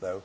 though.